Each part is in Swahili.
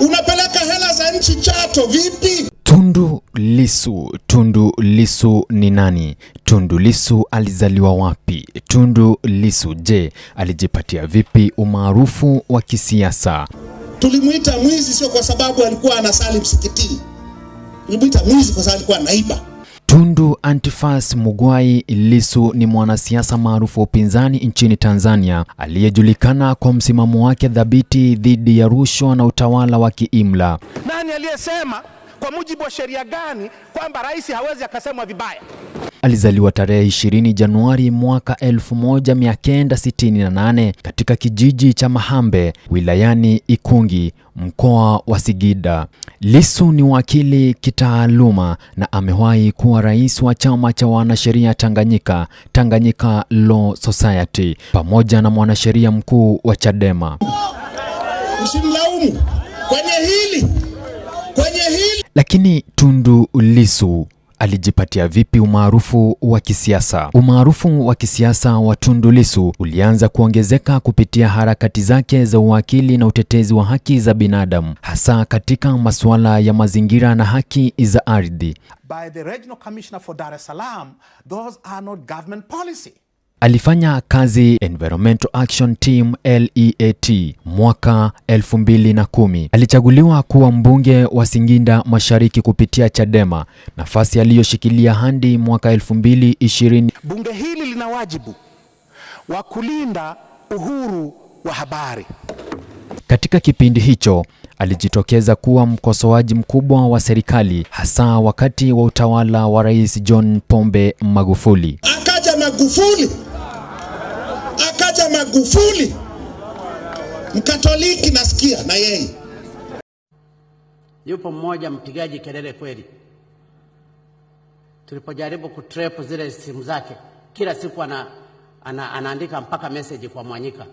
Unapeleka hela za nchi Chato vipi? Tundu Lisu. Tundu Lisu ni nani? Tundu Lisu alizaliwa wapi? Tundu Lisu je, alijipatia vipi umaarufu wa kisiasa? Tulimwita mwizi sio kwa sababu alikuwa anasali msikitini, tulimwita mwizi kwa sababu alikuwa anaiba. Tundu Antifas Mugwai lisu ni mwanasiasa maarufu wa upinzani nchini Tanzania aliyejulikana kwa msimamo wake dhabiti dhidi ya rushwa na utawala wa kiimla. Nani aliyesema kwa mujibu wa sheria gani kwamba rais hawezi akasemwa vibaya? Alizaliwa tarehe 20 Januari mwaka 1968 katika kijiji cha Mahambe wilayani Ikungi mkoa wa sigida Lissu ni wakili kitaaluma na amewahi kuwa rais wa chama cha wanasheria Tanganyika, Tanganyika Law Society, pamoja na mwanasheria mkuu wa Chadema. msimlaumu kwenye hili, kwenye hili. Lakini Tundu Lissu alijipatia vipi umaarufu wa kisiasa? Umaarufu wa kisiasa wa Tundu Lissu ulianza kuongezeka kupitia harakati zake za uwakili na utetezi wa haki za binadamu, hasa katika masuala ya mazingira na haki za ardhi. By the Regional Commissioner for Dar es Salaam, those are not government policy. Alifanya kazi Environmental Action Team LEAT mwaka 2010. Alichaguliwa kuwa mbunge wa singinda Mashariki kupitia Chadema, nafasi aliyoshikilia hadi mwaka 2020. Bunge hili lina wajibu wa kulinda uhuru wa habari. Katika kipindi hicho alijitokeza kuwa mkosoaji mkubwa wa serikali hasa wakati wa utawala wa Rais John Pombe Magufuli. Magufuli, akaja Magufuli, Mkatoliki nasikia na yeye yupo mmoja mpigaji kelele kweli. Tulipojaribu ku zile simu zake, kila siku ana, ana, anaandika mpaka meseji kwa Mwanyika.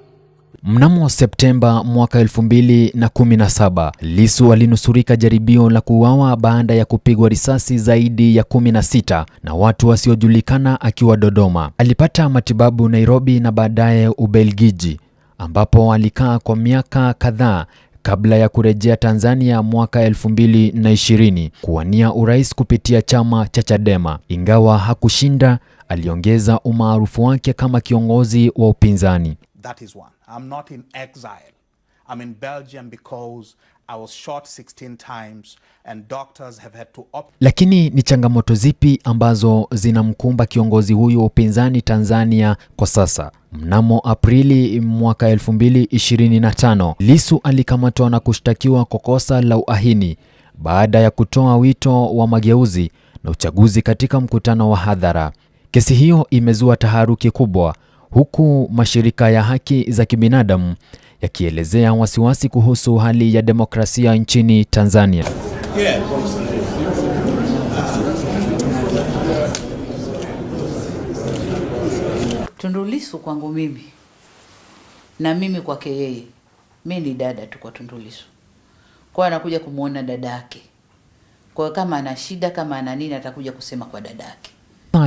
Mnamo Septemba mwaka 2017, Lissu alinusurika jaribio la kuuawa baada ya kupigwa risasi zaidi ya 16 na watu wasiojulikana akiwa Dodoma. Alipata matibabu Nairobi na baadaye Ubelgiji ambapo alikaa kwa miaka kadhaa kabla ya kurejea Tanzania mwaka 2020 kuwania urais kupitia chama cha Chadema. Ingawa hakushinda, aliongeza umaarufu wake kama kiongozi wa upinzani. That is one. I'm not in exile. I'm in Belgium because I was shot 16 times and doctors have had to op Lakini ni changamoto zipi ambazo zinamkumba kiongozi huyu wa upinzani Tanzania kwa sasa? Mnamo Aprili mwaka 2025, Lissu alikamatwa na kushtakiwa kwa kosa la uhaini baada ya kutoa wito wa mageuzi na uchaguzi katika mkutano wa hadhara. Kesi hiyo imezua taharuki kubwa huku mashirika ya haki za kibinadamu yakielezea wasiwasi kuhusu hali ya demokrasia nchini Tanzania. Tundu Lissu kwangu mimi na mimi kwake yeye, mi ni dada tu kwa Tundu Lissu, kwa anakuja kumwona dada yake, kwa kama ana shida kama ana nini atakuja kusema kwa dada yake.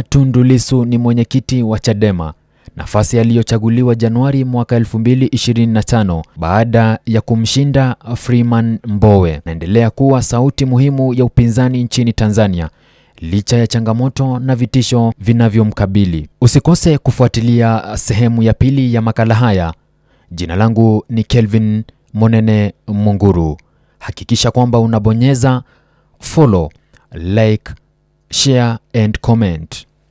Tundu Lissu ni mwenyekiti wa Chadema nafasi aliyochaguliwa Januari mwaka 2025 baada ya kumshinda Freeman Mbowe. Naendelea kuwa sauti muhimu ya upinzani nchini Tanzania licha ya changamoto na vitisho vinavyomkabili. Usikose kufuatilia sehemu ya pili ya makala haya. Jina langu ni Kelvin Monene Munguru. Hakikisha kwamba unabonyeza follow, like, share and comment.